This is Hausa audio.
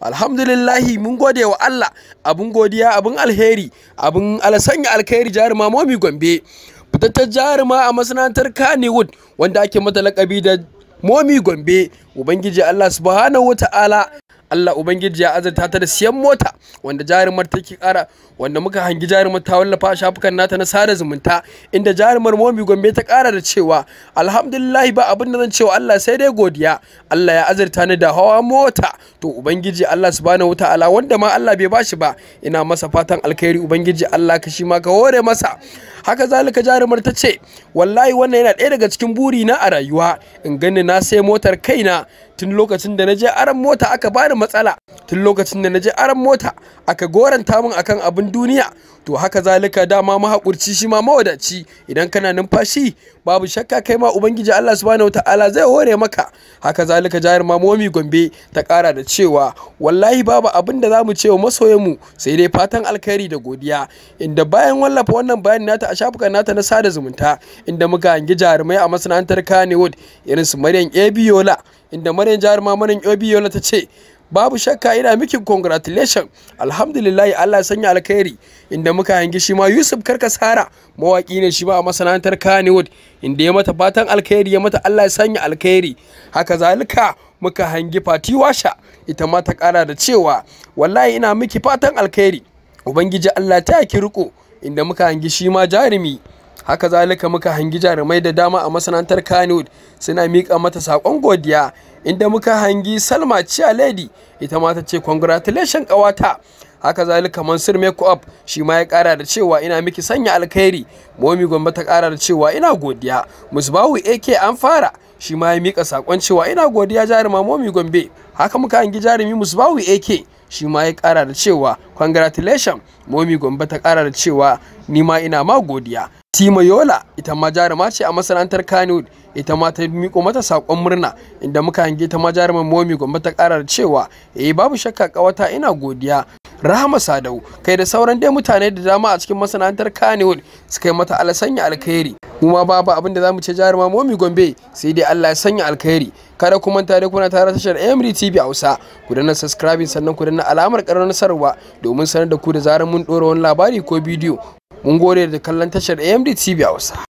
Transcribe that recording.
alhamdulillahi mun gode wa Allah abin godiya abin alheri abun alasanya alkhairi jaruma momi gombe fitattar jaruma a masana'antar kannywood wanda ake mata lakabi da momi gombe ubangiji Allah subhanahu wa ta'ala Allah ubangiji ya azurta ta da siyan mota wanda jarumar take kara wanda muka hangi jarumar ta wallafa a shafukan nata na sada zumunta inda jarumar momi gombe ta kara da cewa alhamdulillah ba abin da zan cewa Allah sai dai godiya Allah ya azurta ni da hawa mota to ubangiji Allah subhanahu wataala wanda ma Allah bai bashi ba ina masa fatan alkhairi ubangiji Allah ka shi ma ka hore masa haka zalika jarumar ta ce wallahi wannan yana ɗaya daga cikin buri na a rayuwa in gani na sai motar kaina tun lokacin da naje je aran mota aka bani matsala tun lokacin da na je aran mota aka goranta min akan abin duniya to haka zalika dama mahaƙurci shi ma mawadaci idan kana numfashi babu shakka kai ma ubangiji Allah subhanahu wata'ala zai hore maka haka zalika jayar mamomi gombe ta kara da cewa wallahi babu abin da zamu cewa masoyanmu sai dai fatan alkhairi da godiya inda bayan wallafa wannan bayani nata a shafukan nata na sada zumunta inda muka hangi jarumai a masana'antar kanewood irin su Maryam Ebiola inda Maryam jarumai Maryam Ebiola ta ce babu shakka ina miki congratulation alhamdulillah Allah sanya alkhairi inda muka hangi shi ma Yusuf Karkasara mawaki ne shi ba a masana'antar Kannywood inda ya mata fatan alkhairi ya mata Allah ya sanya alkhairi haka zalika muka hangi Fati Washa ita ma ta kara da cewa wallahi ina miki fatan alkhairi ubangiji Allah ta ki riko inda muka hangi shi ma jarumi haka zalika muka hangi jarumai da dama a masana'antar kanewood suna miƙa mata saƙon godiya inda muka hangi salma ciya lady ita ma ta ce congratulation ƙawata haka zalika mansur up shi ma ya ƙara da cewa ina miki sanya alkhairi momi gwamba ta ƙara da cewa ina godiya musbahu ak an fara shi ma ya miƙa saƙon cewa ina godiya jaruma momi gombe haka muka hangi jarumi musbahu ak shi ma ya ƙara da cewa congratulation momi gombe ta ƙara da cewa ni ma ina ma godiya tima Yola ita ma jaruma ce a masana'antar Kano ita ma ta miko mata sakon murna inda muka hange ta ma jaruma Momi Gombe ta karar cewa eh babu shakka kawata ina godiya Rahama Sadau kai da sauran dai mutane da dama a cikin masana'antar Kano suka yi mata alasanya alkhairi mu ma babu abin da zamu ce jaruma Momi Gombe sai dai Allah ya sanya alkhairi kada ku manta da kuna tare tashar Emery TV Hausa ku danna subscribing sannan ku danna alamar karar sarwa domin sanar da ku da zarar mun dora wani labari ko bidiyo mun gode da kallon tashar amd tv hausa